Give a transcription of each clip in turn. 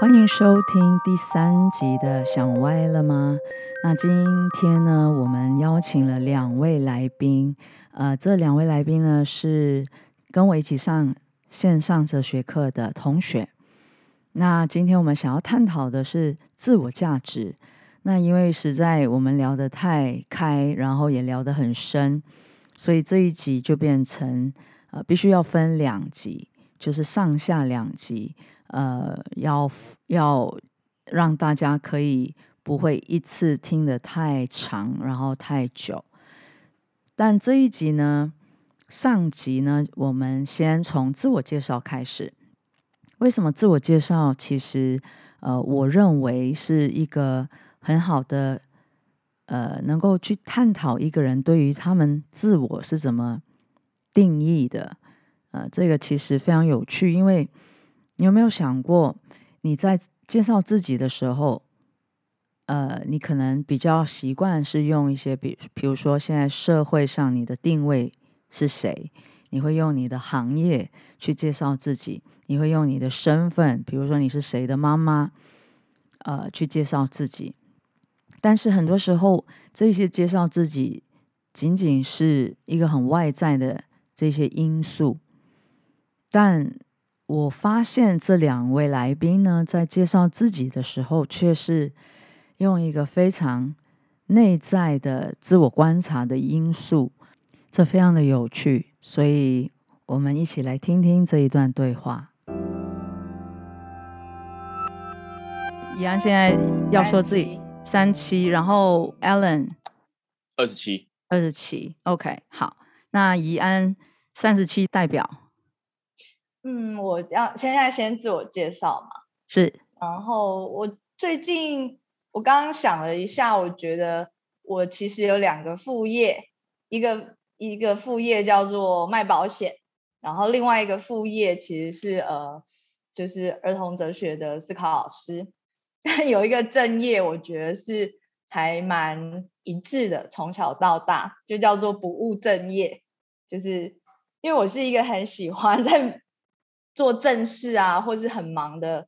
歡迎收聽第三集的“想歪了嗎？”那今天呢，我們邀請了兩位來賓。呃，這兩位來賓呢，是跟我一起上線上哲學課的同學。那今天我們想要探討的是自我價值。那因為實在我們聊得太開，然後也聊得很深，所以這一集就變成呃，必須要分兩集，就是上下兩集。呃，要要讓大家可以不會一次聽得太長，然後太久。但這一集呢，上集呢，我們先從自我介紹開始。為什麼自我介紹？其實，呃，我認為是一個很好的，呃，能夠去探討一個人對於他們自我是怎麼定義的。呃，這個其實非常有趣，因為。你有沒有想過，你在介紹自己的時候，呃，你可能比較習慣是用一些比如，比比如說現在社會上你的定位是誰，你會用你的行業去介紹自己，你會用你的身份，比如說你是誰的媽媽，呃，去介紹自己。但是很多時候，這些介紹自己僅僅是一個很外在的這些因素，但。我發現這兩位來賓呢，在介紹自己的時候，卻是用一個非常內在的自我觀察的因素，這非常的有趣。所以，我們一起來聽聽這一段對話。怡安現在要說自己三七，三七，然後 Allen 二十七，二十七，OK，好，那怡安三十七代表。嗯，我要現在先自我介紹嘛，是。然後我最近我剛剛想了一下，我覺得我其實有兩個副業，一個一個副業叫做賣保險，然後另外一個副業其實是呃，就是兒童哲學的思考老師。但有一個正業，我覺得是還蠻一致的，從小到大就叫做不務正業，就是因為我是一個很喜歡在。做正事啊，或是很忙的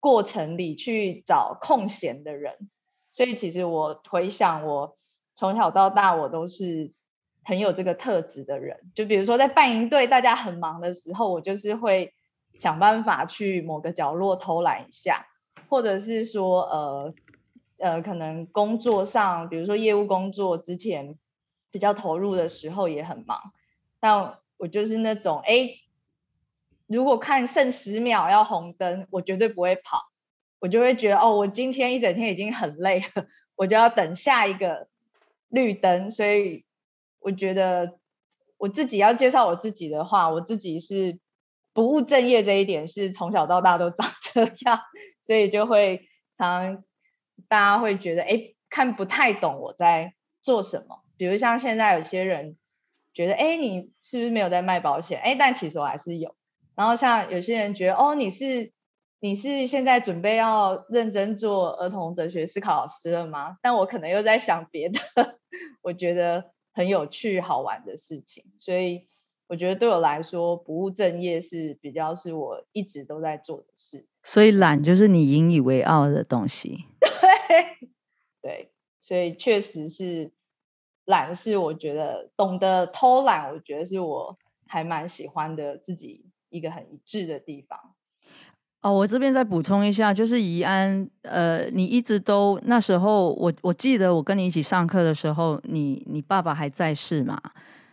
過程裡去找空閒的人，所以其實我回想我從小到大，我都是很有這個特質的人。就比如說在辦營隊，大家很忙的時候，我就是會想辦法去某個角落偷懶一下，或者是說，呃呃，可能工作上，比如說業務工作之前比較投入的時候也很忙，但我就是那種誒。欸如果看剩十秒要紅燈，我絕對不會跑，我就會覺得哦，我今天一整天已經很累了，我就要等下一個綠燈。所以我覺得我自己要介紹我自己的話，我自己是不務正業這一點是從小到大都長這樣，所以就會常常大家會覺得哎，看不太懂我在做什麼。比如像現在有些人覺得哎，你是不是沒有在賣保險？哎，但其實我還是有。然後像有些人覺得哦，你是你是現在準備要認真做兒童哲學思考老師了嗎？但我可能又在想別的，我覺得很有趣好玩的事情。所以我覺得對我來說，不務正業是比較是我一直都在做的事。所以懶就是你引以為傲的東西。對對，所以確實是懶，是我覺得懂得偷懶，我覺得是我還蠻喜歡的自己。一個很一致的地方。哦，我這邊再補充一下，就是怡安，呃，你一直都那時候，我我記得我跟你一起上課的時候，你你爸爸還在世嘛，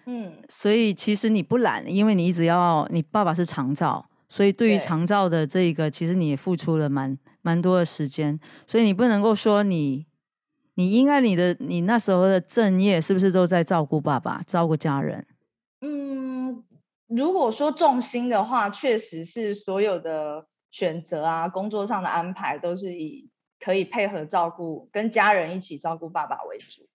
嗯，所以其實你不懶，因為你一直要你爸爸是長照，所以對於長照的這個，對其實你也付出了蠻蠻多的時間，所以你不能夠說你，你應該你的你那時候的正業是不是都在照顧爸爸、照顧家人？嗯。如果說重心的話，確實是所有的選擇啊，工作上的安排都是以可以配合照顧跟家人一起照顧爸爸為主。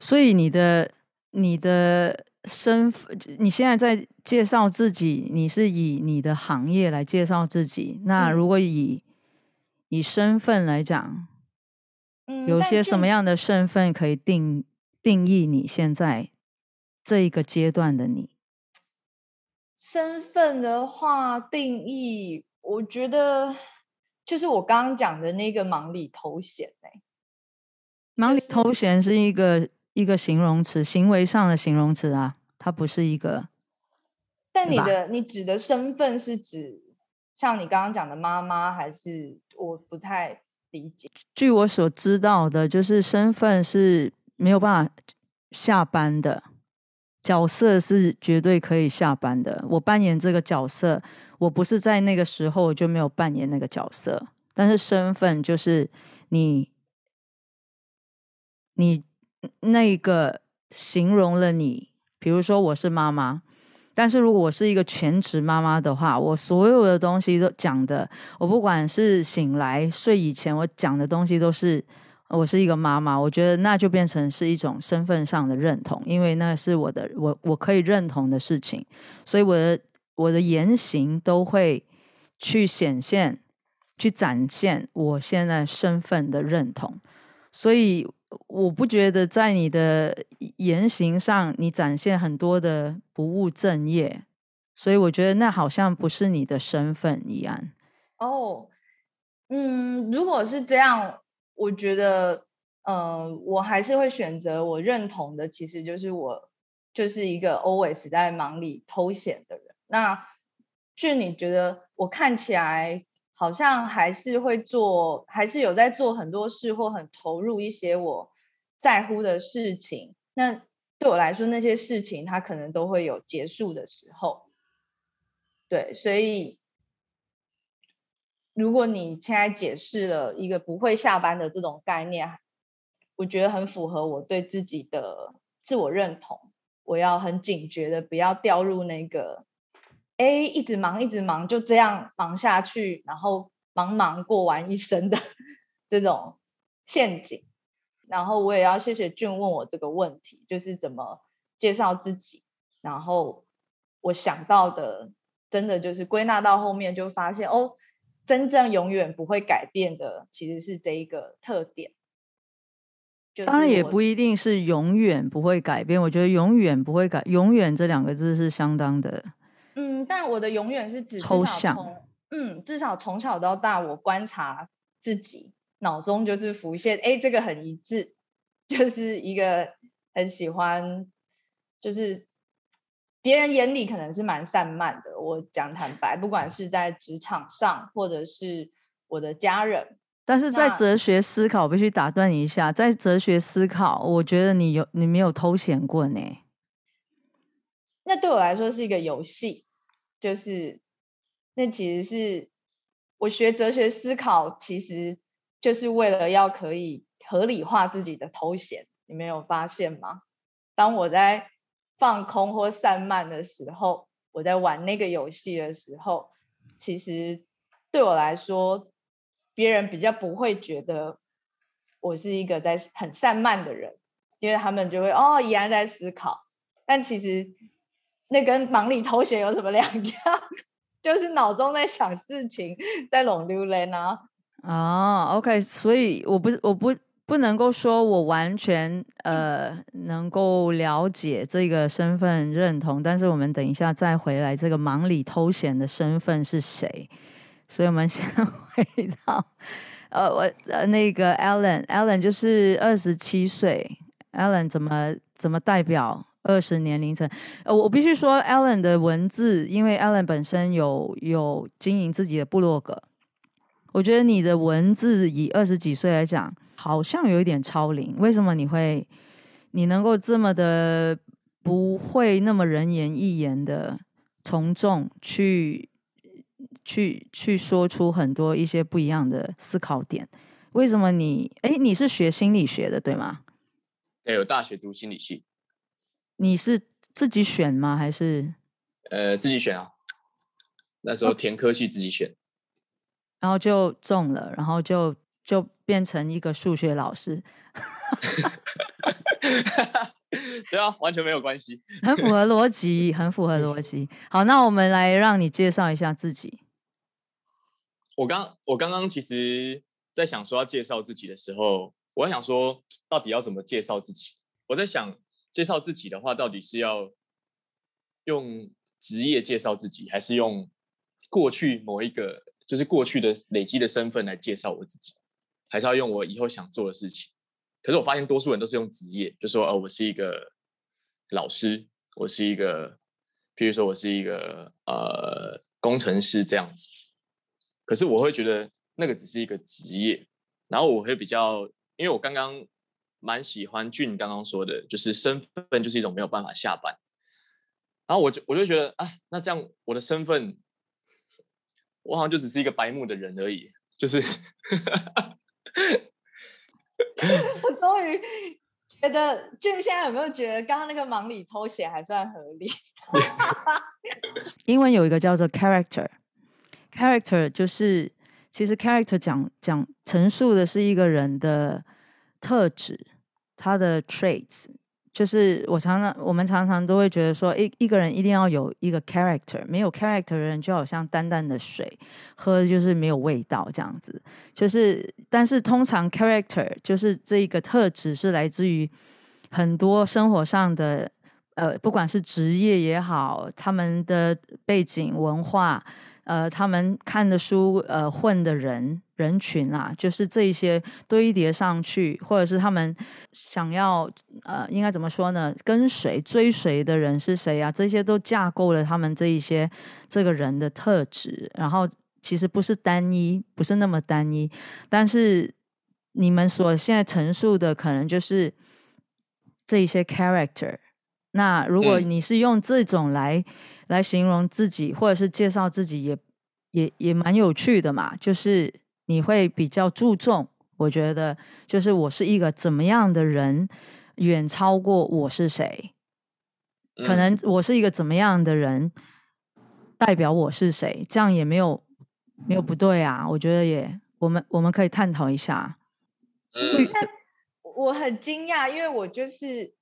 所以你的你的身份，你現在在介紹自己，你是以你的行業來介紹自己。那如果以、嗯、以身份來講，嗯、有些什麼樣的身份可以定是定義你現在這一個階段的你？身份的話定義，我覺得就是我剛剛講的那個忙裡偷閒哎，忙裡偷閒是一個、就是、一個形容詞，行為上的形容詞啊，它不是一個。但你的吧你指的身份是指像你剛剛講的媽媽，還是我不太理解？據我所知道的，就是身份是沒有辦法下班的。角色是絕對可以下班的。我扮演這個角色，我不是在那個時候我就沒有扮演那個角色。但是身份就是你，你那個形容了你。比如說，我是媽媽，但是如果我是一個全職媽媽的話，我所有的東西都講的，我不管是醒來，睡以前，我講的東西都是，我是一個媽媽，我覺得那就變成是一種身份上的認同，因為那是我的，我我可以認同的事情，所以我的我的言行都會去顯現、去展現我現在身份的認同。所以我不覺得在你的言行上，你展現很多的不務正業，所以我覺得那好像不是你的身份一樣。哦，oh, 嗯，如果是這樣。我覺得，嗯、呃，我還是會選擇我認同的，其實就是我就是一個 always 在忙裡偷閒的人。那就你覺得，我看起來好像還是會做，還是有在做很多事或很投入一些我在乎的事情。那對我來說，那些事情它可能都會有結束的時候，對，所以。如果你現在解釋了一個不會下班的這種概念，我覺得很符合我對自己的自我認同。我要很警覺的，不要掉入那個，誒，一直忙，一直忙，就這樣忙下去，然後忙忙過完一生的這種陷阱。然後我也要謝謝俊問我這個問題，就是怎麼介紹自己。然後我想到的，真的就是歸納到後面就發現哦。真正永遠不會改變的，其實是這一個特點。當然也不一定是永遠不會改變。我覺得“永遠不會改”“永遠”這兩個字是相當的。嗯，但我的永遠“永遠”是指抽象。嗯，至少從小到大，我觀察自己腦中就是浮現，哎、欸，這個很一致，就是一個很喜歡，就是。別人眼裡可能是蠻散漫的，我講坦白，不管是在職場上，或者是我的家人。但是在哲學思考，那必須打斷一下。在哲學思考，我覺得你有你沒有偷閒過呢？那對我來說是一個遊戲，就是那其實是我學哲學思考，其實就是為了要可以合理化自己的偷閒。你沒有發現嗎？當我在。放空或散漫的時候，我在玩那個遊戲的時候，其實對我來說，別人比較不會覺得我是一個在很散漫的人，因為他們就會哦，依然在思考。但其實那跟忙裡偷閒有什麼兩樣？ 就是腦中在想事情，在龍溜溜呢。啊，OK，所以我不我不。不能夠說我完全呃能夠了解這個身份認同，但是我們等一下再回來這個忙裡偷閒的身份是誰，所以我們先回到呃我呃那個 Allen Allen 就是二十七歲 Allen 怎麼怎麼代表二十年齡層，呃我必須說 Allen 的文字，因為 Allen 本身有有經營自己的部落格，我覺得你的文字以二十幾歲來講。好像有一點超齡，為什麼你會，你能夠這麼的不會那麼人言亦言的從眾去，去去說出很多一些不一樣的思考點？為什麼你？哎、欸，你是學心理學的對嗎？對、欸，有大學讀心理系。你是自己選嗎？還是？呃，自己選啊，那時候填科系自己選、哦。然後就中了，然後就就。變成一個數學老師， 對啊，完全沒有關係， 很符合邏輯，很符合邏輯。好，那我們來讓你介紹一下自己。我剛我剛剛其實，在想說要介紹自己的時候，我想說，到底要怎麼介紹自己？我在想，介紹自己的話，到底是要用職業介紹自己，還是用過去某一個，就是過去的累積的身份來介紹我自己？還是要用我以後想做的事情，可是我發現多數人都是用職業，就說，呃，我是一個老師，我是一個，譬如說我是一個呃工程師這樣子，可是我會覺得那個只是一個職業，然後我會比較，因為我剛剛蠻喜歡俊剛剛說的，就是身份就是一種沒有辦法下班，然後我就我就覺得啊，那這樣我的身份，我好像就只是一個白目的人而已，就是。 我終於覺得，就現在有沒有覺得剛剛那個忙裡偷閒還算合理？ 英文有一個叫做 character，character 就是其實 character 講講陳述的是一個人的特質，他的 traits。就是我常常，我們常常都會覺得說，一、欸、一個人一定要有一個 character，沒有 character 的人就好像淡淡的水，喝的就是沒有味道這樣子。就是，但是通常 character 就是這一個特質是來自於很多生活上的，呃，不管是職業也好，他們的背景文化。呃，他們看的書，呃，混的人人群啦，啊，就是這一些堆疊上去，或者是他們想要呃，應該怎麼說呢？跟隨追隨的人是誰啊？這些都架構了他們這一些這個人的特質。然後其實不是單一，不是那麼單一，但是你們所現在陳述的，可能就是這一些 character。那如果你是用這種來、嗯、來形容自己，或者是介紹自己也，也也也蠻有趣的嘛。就是你會比較注重，我覺得就是我是一個怎麼樣的人，遠超過我是誰。嗯、可能我是一個怎麼樣的人，代表我是誰，這樣也沒有沒有不對啊。我覺得也，我們我們可以探討一下。嗯、但我很驚訝，因為我就是。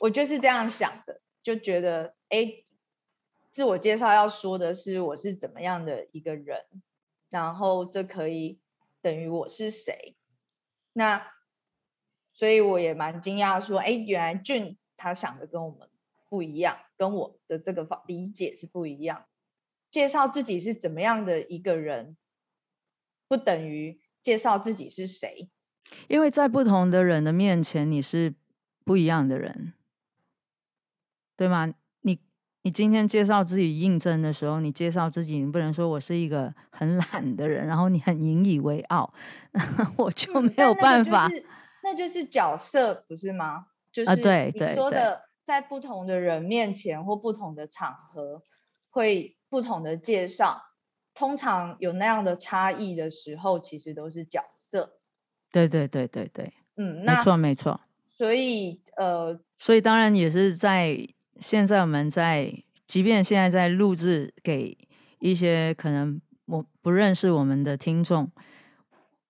我就是這樣想的，就覺得，哎，自我介紹要說的是我是怎麼樣的一個人，然後這可以等於我是誰。那所以我也蠻驚訝說，說哎，原來俊他想的跟我們不一樣，跟我的這個方理解是不一樣。介紹自己是怎麼樣的一個人，不等於介紹自己是誰。因為在不同的人的面前，你是不一樣的人。對嗎？你你今天介紹自己應徵的時候，你介紹自己，你不能說我是一個很懶的人，然後你很引以為傲，呵呵，我就沒有辦法。嗯，那就是。那就是角色，不是嗎？就是你說的，在不同的人面前或不同的場合，會不同的介紹。通常有那樣的差異的時候，其實都是角色。對對對對對，嗯，那沒，沒錯沒錯。所以呃，所以當然也是在。現在我們在，即便現在在錄製給一些可能我不認識我們的聽眾，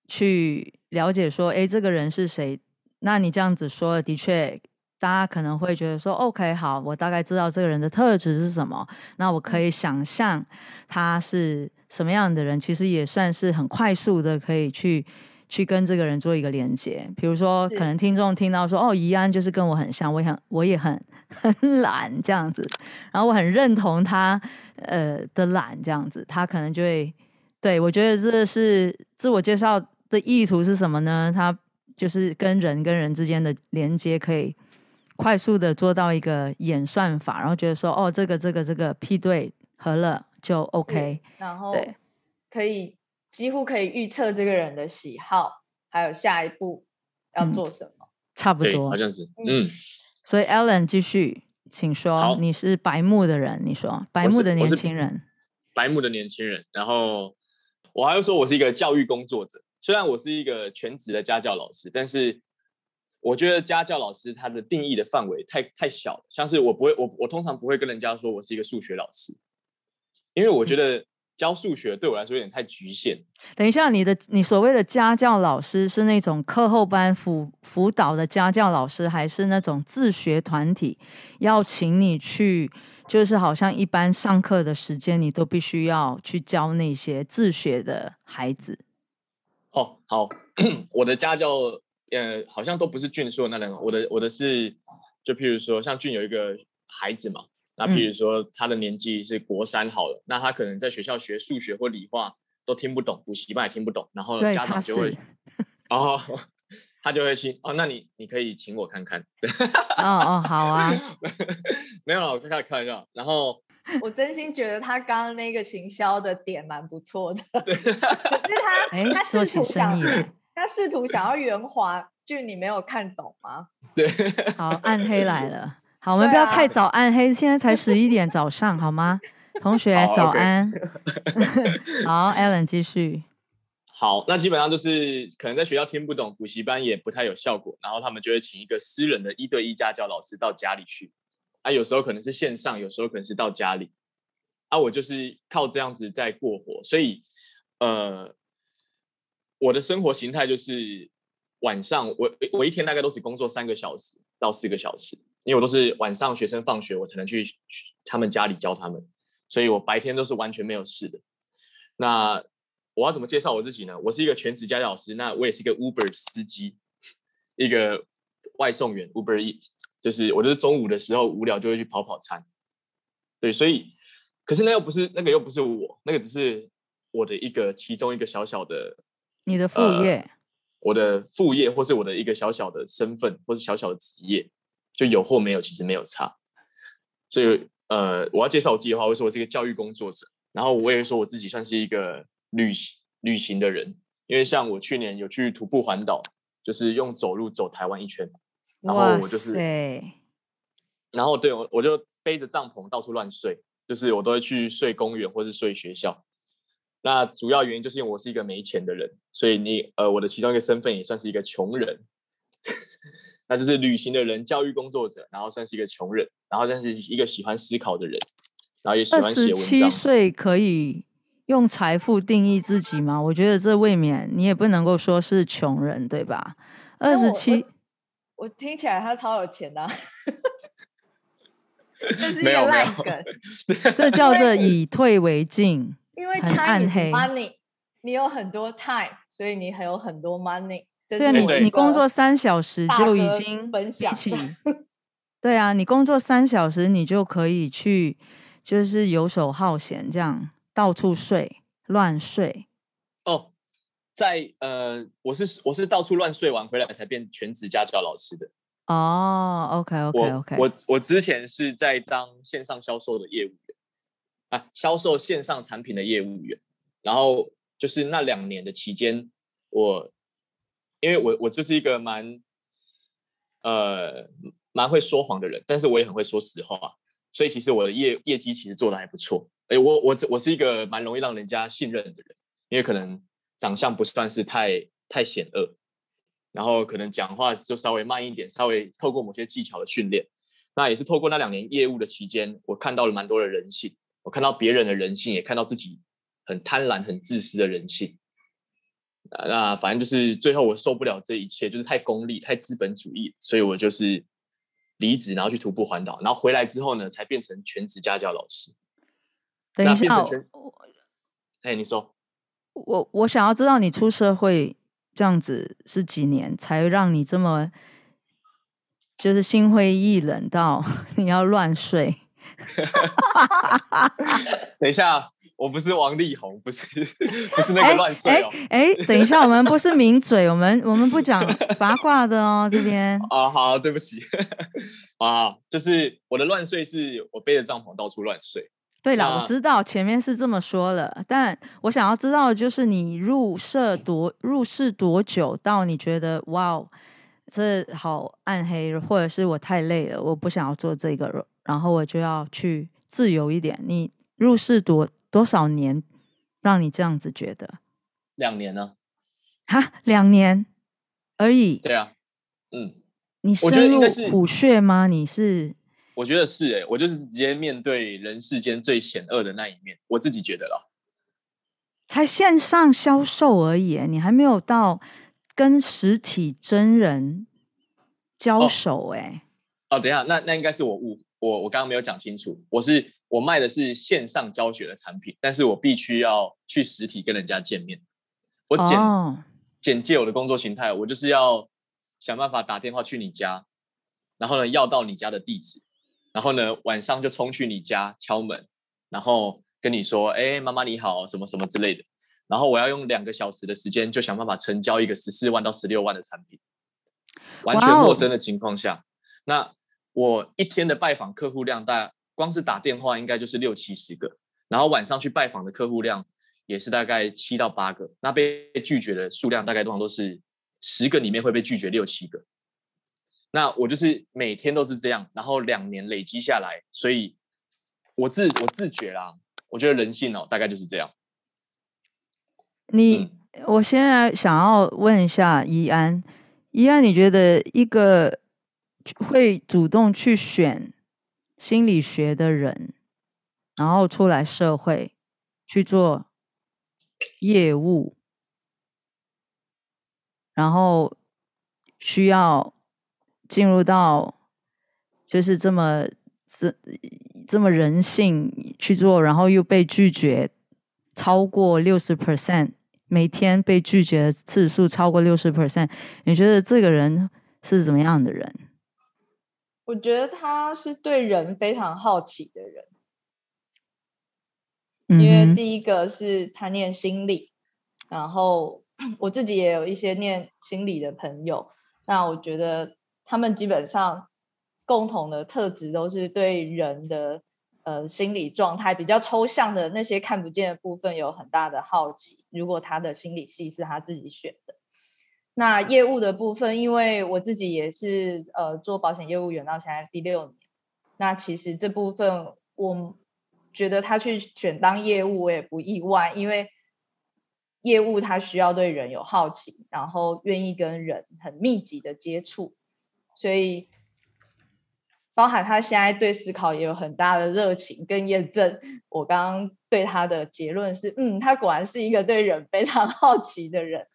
去了解說，哎，這個人是誰？那你這樣子說，的確，大家可能會覺得說，OK，好，我大概知道這個人的特質是什麼，那我可以想象他是什麼樣的人。其實也算是很快速的可以去去跟這個人做一個連接。比如說，是可能聽眾聽到說，哦，怡安就是跟我很像，我想我也很。很懶 這樣子，然後我很認同他呃的懶這樣子，他可能就會對我覺得這是自我介紹的意圖是什麼呢？他就是跟人跟人之間的連接可以快速的做到一個演算法，然後覺得說哦，這個這個這個匹配合了就 OK，然後對，可以幾乎可以預測這個人的喜好，還有下一步要做什麼，嗯、差不多，嗯、不好像是嗯。嗯所以，Alan 繼續，請說，好你是白目的人，你說是白目的年輕人，白目的年輕人。然後，我還會說，我是一個教育工作者。雖然我是一個全職的家教老師，但是我覺得家教老師他的定義的範圍太太小了。像是我不會，我我通常不會跟人家說我是一個數學老師，因為我覺得、嗯。教數學對我來說有點太局限。等一下，你的你所謂的家教老師是那種課後班輔輔導的家教老師，還是那種自學團體要請你去？就是好像一般上課的時間，你都必須要去教那些自學的孩子。哦，好，我的家教呃，好像都不是俊說的那兩個。我的我的是，就譬如說，像俊有一個孩子嘛。那比如說他的年紀是國三好了，嗯、那他可能在學校學數學或理化都聽不懂，補習班也聽不懂，然後家長就會，哦，他就會去哦，那你你可以請我看看。對，哦哦，好啊。 沒有了，我就開開玩笑。然後我真心覺得他剛剛那個行銷的點蠻不錯的。對，可是他、欸、他試圖想他試圖想要圓滑，就你沒有看懂嗎？對。好，暗黑來了。好，我們不要太早安，嘿、啊，現在才十一點早上， 好嗎？同學好早安。okay 好，Allen 繼續。好，那基本上就是可能在學校聽不懂，補習班也不太有效果，然後他們就會請一個私人的一對一家教老師到家裡去。啊，有時候可能是線上，有時候可能是到家裡。啊，我就是靠這樣子在過活，所以呃，我的生活形態就是晚上，我我我一天大概都只工作三個小時到四個小時。因為我都是晚上學生放學，我才能去他們家裡教他們，所以我白天都是完全沒有事的。那我要怎麼介紹我自己呢？我是一個全職家教老師，那我也是一個 Uber 司機，一個外送員。Uber Eats。就是我就是中午的時候無聊就會去跑跑餐。對，所以可是那又不是那個又不是我，那個只是我的一個其中一個小小的你的副業，呃、我的副業或是我的一個小小的身份或是小小的職業。就有或沒有，其實沒有差。所以，呃，我要介紹我自己的話，我說我是一個教育工作者，然後我也說我自己算是一個旅行旅行的人，因為像我去年有去徒步環島，就是用走路走台灣一圈，然後我就是，哇塞。然後對我，我就背着帳篷到處亂睡，就是我都會去睡公園或是睡學校。那主要原因就是因為我是一個沒錢的人，所以你呃，我的其中一個身份也算是一個窮人。 那就是旅行的人，教育工作者，然後算是一個窮人，然後算是一個喜歡思考的人，然後也喜歡寫文章。二十七歲可以用財富定義自己嗎？我覺得這未免你也不能夠說是窮人，對吧？二十七，我聽起來他超有錢的、啊， 沒有一個爛梗， 這叫做以退為進， 黑因為 time is money，你有很多 time，所以你還有很多 money。對你，你工作三小時就已經一起。對啊，你工作三小時，你就可以去，就是游手好閒，這樣到處睡亂睡。哦、oh，在呃，我是我是到處亂睡，完回來才變全職家教老師的。哦、oh，OK OK OK，我我之前是在當線上銷售的業務員啊，銷售線上產品的業務員，然後就是那兩年的期間，我。因為我我就是一個蠻，呃，蠻會說謊的人，但是我也很會說實話，所以其實我的業業績其實做得還不錯。誒、哎，我我我是一個蠻容易讓人家信任的人，因為可能長相不算是太太險惡，然後可能講話就稍微慢一點，稍微透過某些技巧的訓練，那也是透過那兩年業務的期間，我看到了蠻多的人性，我看到別人的人性，也看到自己很貪婪、很自私的人性。那反正就是最後我受不了這一切，就是太功利、太資本主義，所以我就是離職，然後去徒步環島，然後回來之後呢，才變成全職家教老師。等一下，哎我，你說，我我想要知道你出社會這樣子是幾年，才讓你這麼就是心灰意冷到你要亂睡？ 等一下。我不是王力宏，不是不是那個亂睡。哎哎，等一下，我們不是名嘴， 我們我們不講八卦的哦。這邊。哦，啊，好，對不起啊，就是我的亂睡，是我背着帳篷到處亂睡。對了啦，那我知道前面是這麼說了，但我想要知道的就是你入社多入社多久，到你覺得哇，這好暗黑，或者是我太累了，我不想要做這個，然後我就要去自由一點。你。入世多多少年，讓你這樣子覺得？兩年呢、啊？哈，兩年而已。對啊，嗯，你深入虎穴嗎？是你是？我覺得是哎、欸，我就是直接面對人世間最險惡的那一面，我自己覺得了。才線上銷售而已、欸，你還沒有到跟實體真人交手哎、欸哦。哦，等一下，那那應該是我誤我我剛剛沒有講清楚，我是。我賣的是線上教學的產品，但是我必須要去實體跟人家見面。我簡簡介我的工作形態，我就是要想辦法打電話去你家，然後呢，要到你家的地址，然後呢晚上就衝去你家敲門，然後跟你說：“哎、欸，媽媽你好，什麼什麼之類的。”然後我要用兩個小時的時間就想辦法成交一個十四萬到十六萬的產品，完全陌生的情況下，Wow. 那我一天的拜訪客戶量大。光是打電話應該就是六七十個，然後晚上去拜訪的客戶量也是大概七到八個。那被拒絕的數量大概多少？都是十個裡面會被拒絕六七個。那我就是每天都是這樣，然後兩年累積下來，所以我自我自覺啊，我覺得人性哦，大概就是這樣。你，嗯，我現在想要問一下怡安，怡安，你覺得一個會主動去選？心理學的人，然後出來社會去做業務，然後需要進入到就是這麼這這麼人性去做，然後又被拒絕超過六十 percent，每天被拒絕的次數超過六十 percent，你覺得這個人是怎麼樣的人？我覺得他是對人非常好奇的人，因為第一個是他念心理，嗯、哼然後我自己也有一些念心理的朋友，那我覺得他們基本上共同的特質都是對人的呃心理狀態比較抽象的那些看不見的部分有很大的好奇。如果他的心理系是他自己選的。那業務的部分，因為我自己也是呃做保險業務員到現在第六年，那其實這部分我覺得他去選當業務我也不意外，因為業務他需要對人有好奇，然後願意跟人很密集的接觸，所以包含他現在對思考也有很大的熱情跟驗證。我剛剛對他的結論是，嗯，他果然是一個對人非常好奇的人。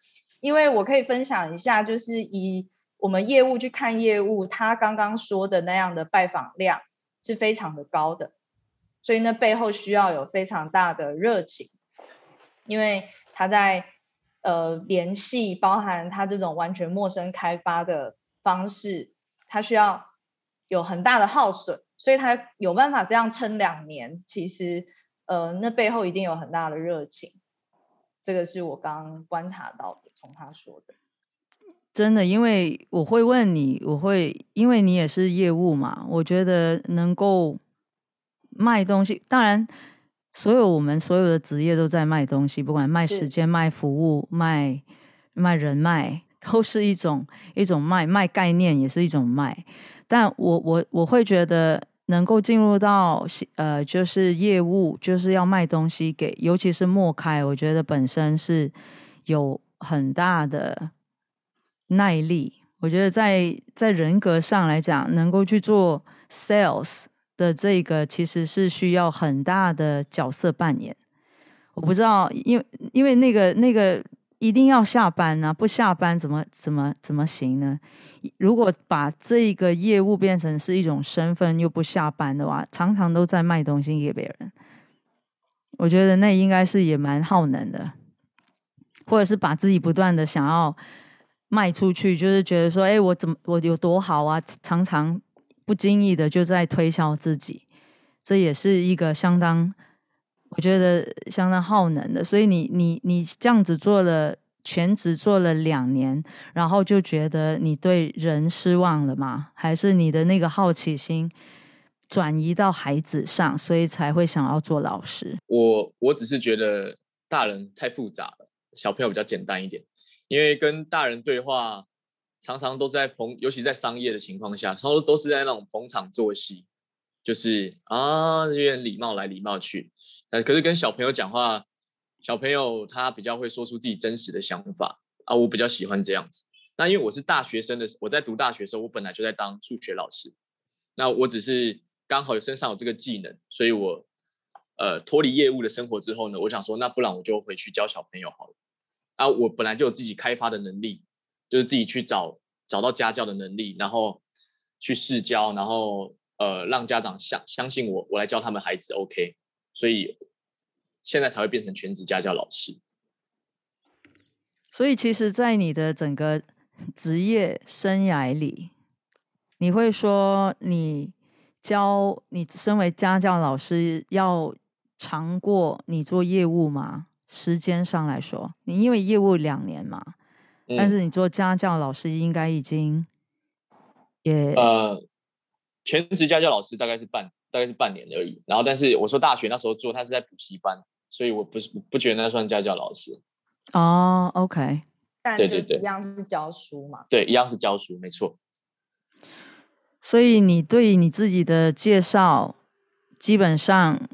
因為我可以分享一下，就是以我們業務去看業務，他剛剛說的那樣的拜訪量是非常的高的，所以那背後需要有非常大的熱情，因為他在呃聯繫，包含他這種完全陌生開發的方式，他需要有很大的耗損，所以他有辦法這樣撐兩年，其實呃，那背後一定有很大的熱情。這個是我剛觀察到的，從他說的，真的，因為我會問你，我會，因為你也是業務嘛，我覺得能夠賣東西，當然，所有我們所有的職業都在賣東西，嗯、不管賣時間、是賣服務、賣賣人脈，都是一種一種賣，賣概念，也是一種賣，但我我我會覺得。能夠進入到，呃，就是業務，就是要賣東西給，尤其是莫開，我覺得本身是有很大的耐力。我覺得在在人格上來講，能夠去做 sales 的這個，其實是需要很大的角色扮演。嗯、我不知道，因為因為那個那個。一定要下班呢、啊，不下班怎麼怎麼怎麼行呢？如果把這個業務變成是一種身份，又不下班的話，常常都在賣東西給別人，我覺得那應該是也蠻耗能的，或者是把自己不斷的想要賣出去，就是覺得說，哎，我怎麼我有多好啊？常常不經意的就在推銷自己，這也是一個相當。我覺得相當耗能的，所以你你你這樣子做了全職做了兩年，然後就覺得你對人失望了嗎？還是你的那個好奇心轉移到孩子上，所以才會想要做老師？我我只是覺得大人太複雜了，小朋友比較簡單一點，因為跟大人對話常常都是在逢，尤其在商業的情況下，差不多都是在那種逢場作戲，就是啊，有點禮貌來禮貌去。可是跟小朋友講話，小朋友他比較會說出自己真實的想法啊，我比較喜歡這樣子。那因為我是大學生的，我在讀大學時候，我本來就在當數學老師，那我只是剛好身上有這個技能，所以我呃脫離業務的生活之後呢，我想說，那不然我就回去教小朋友好了啊。我本來就有自己開發的能力，就是自己去找找到家教的能力，然後去試教，然後呃讓家長相相信我，我來教他們孩子，OK。所以，現在才會變成全職家教老師。所以，其實，在你的整個職業生涯裡，你會說，你教你身為家教老師要長過你做業務嗎？時間上來說，你因為業務兩年嘛，嗯、但是你做家教老師應該已經也呃，全職家教老師大概是半。大概是半年而已，然後但是我說大學那時候做他是在補習班，所以我不是不覺得那算家教老師哦，oh，OK，對對對，一樣是教書嘛，對，一樣是教書，沒錯。所以你對於你自己的介紹，基本上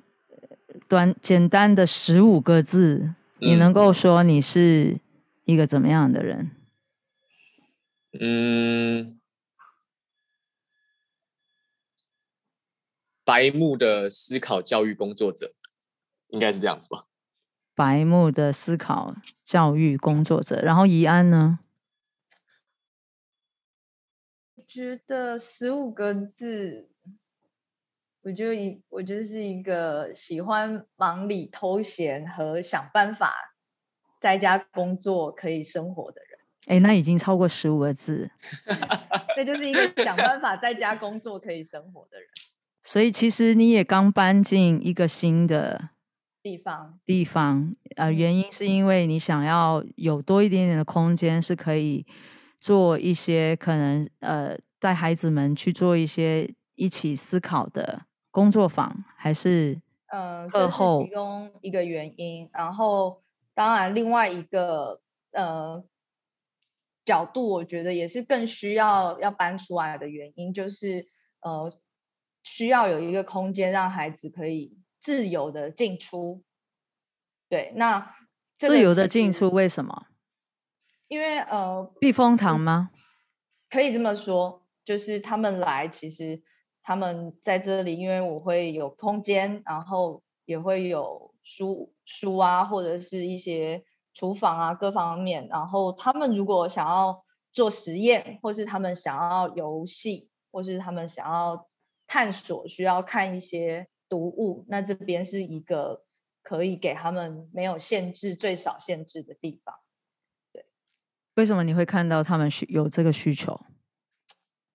短簡單的十五個字，你能夠說你是一個怎麼樣的人？嗯。嗯白目的思考教育工作者，應該是這樣子吧。白目的思考教育工作者，然後怡安呢？我覺得十五個字，我覺得一，我覺得是一個喜歡忙裡偷閒和想辦法在家工作可以生活的人。哎、欸，那已經超過十五個字。 那就是一個想辦法在家工作可以生活的人。所以其實你也剛搬進一個新的地方，地方，呃，原因是因為你想要有多一點點的空間，是可以做一些可能，呃，帶孩子們去做一些一起思考的工作坊，還是後？呃，這是其中一個原因。然後，當然，另外一個，呃，角度，我覺得也是更需要要搬出來的原因，就是，呃。需要有一個空間，讓孩子可以自由的進出。對，那自由的進出為什麼？因為呃，避風塘嗎？可以這麼說，就是他們來，其實他們在這裡，因為我會有空間，然後也會有書，書啊，或者是一些廚房啊、各方面。然後他們如果想要做實驗，或是他們想要遊戲，或是他們想要。探索需要看一些讀物，那這邊是一個可以給他們沒有限制、最少限制的地方。對，為什麼你會看到他們有這個需求？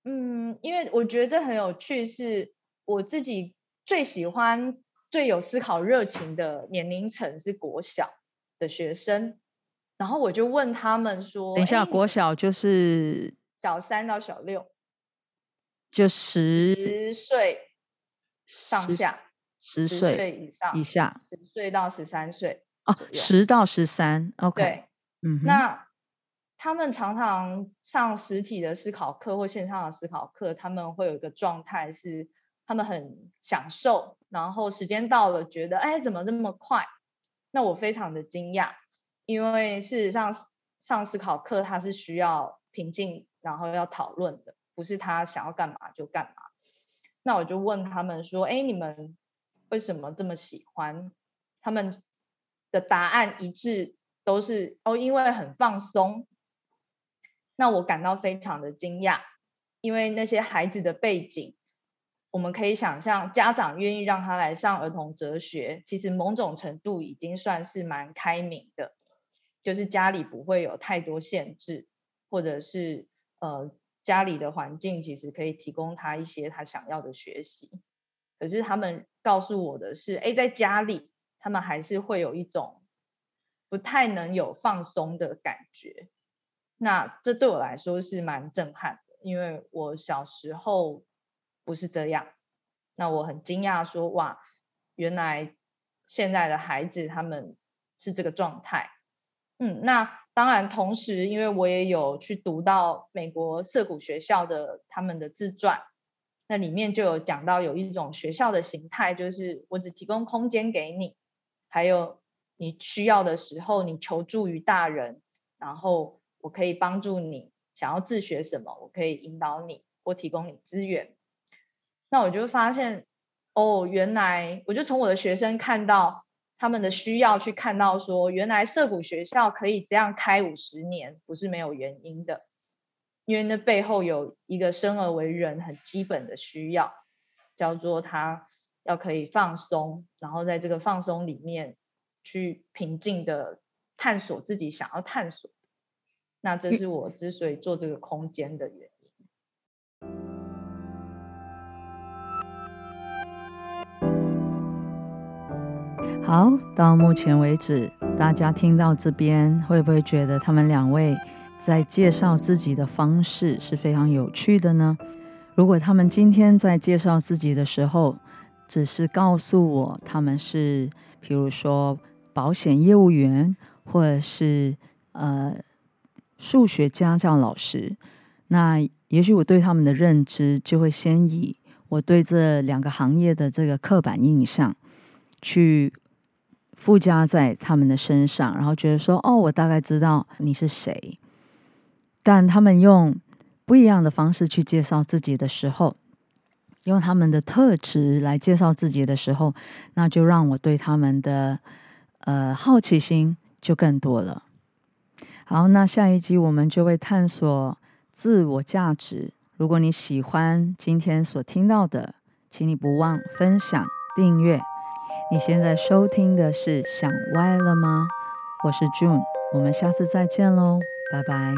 嗯，因為我覺得很有趣是，是我自己最喜歡、最有思考熱情的年齡層是國小的學生，然後我就問他們說：“等一下，欸、國小就是小三到小六。”就十,十歲上下，十歲歲以上、以下，十歲到十三歲哦，啊、十到十三，OK。對嗯哼，那他們常常上實體的思考課或線上的思考課，他們會有一個狀態是，他們很享受，然後時間到了，覺得哎，怎麼這麼快？那我非常的驚訝，因為事實上上思考課他是需要平靜，然後要討論的。不是他想要幹嘛就幹嘛，那我就問他們說：“哎，你們為什麼這麼喜歡？”他們的答案一致，都是“哦，因為很放鬆。”那我感到非常的驚訝，因為那些孩子的背景，我們可以想象，家長願意讓他來上兒童哲學，其實某種程度已經算是蠻開明的，就是家裡不會有太多限制，或者是呃。家裡的環境其實可以提供他一些他想要的學習，可是他們告訴我的是，哎、欸，在家裡他們還是會有一種不太能有放鬆的感覺。那這對我來說是蠻震撼的，因為我小時候不是這樣。那我很驚訝說，哇，原來現在的孩子他們是這個狀態。嗯，那。當然，同時，因為我也有去讀到美國瑟谷學校的他們的自傳，那裡面就有講到有一種學校的形態，就是我只提供空間給你，還有你需要的時候，你求助於大人，然後我可以幫助你，想要自學什麼，我可以引導你或提供你資源。那我就發現，哦，原來我就從我的學生看到。他們的需要去看到說，原來瑟谷學校可以這樣開五十年，不是沒有原因的，因為那背後有一個生而為人很基本的需要，叫做他要可以放鬆，然後在這個放鬆裡面去平靜的探索自己想要探索的。那這是我之所以做這個空間的原因。嗯。好，到目前為止，大家聽到這邊，會不會覺得他們兩位在介紹自己的方式是非常有趣的呢？如果他們今天在介紹自己的時候，只是告訴我他們是，譬如說保險業務員，或者是呃數學家教老師，那也許我對他們的認知就會先以我對這兩個行業的這個刻板印象去。附加在他們的身上，然後覺得說：“哦，我大概知道你是誰。”但他們用不一樣的方式去介紹自己的時候，用他們的特質來介紹自己的時候，那就讓我對他們的呃好奇心就更多了。好，那下一集我們就會探索自我價值。如果你喜歡今天所聽到的，請你不忘分享、訂閱。你現在收聽的是想歪了嗎？我是 June，我們下次再見嘍，拜拜。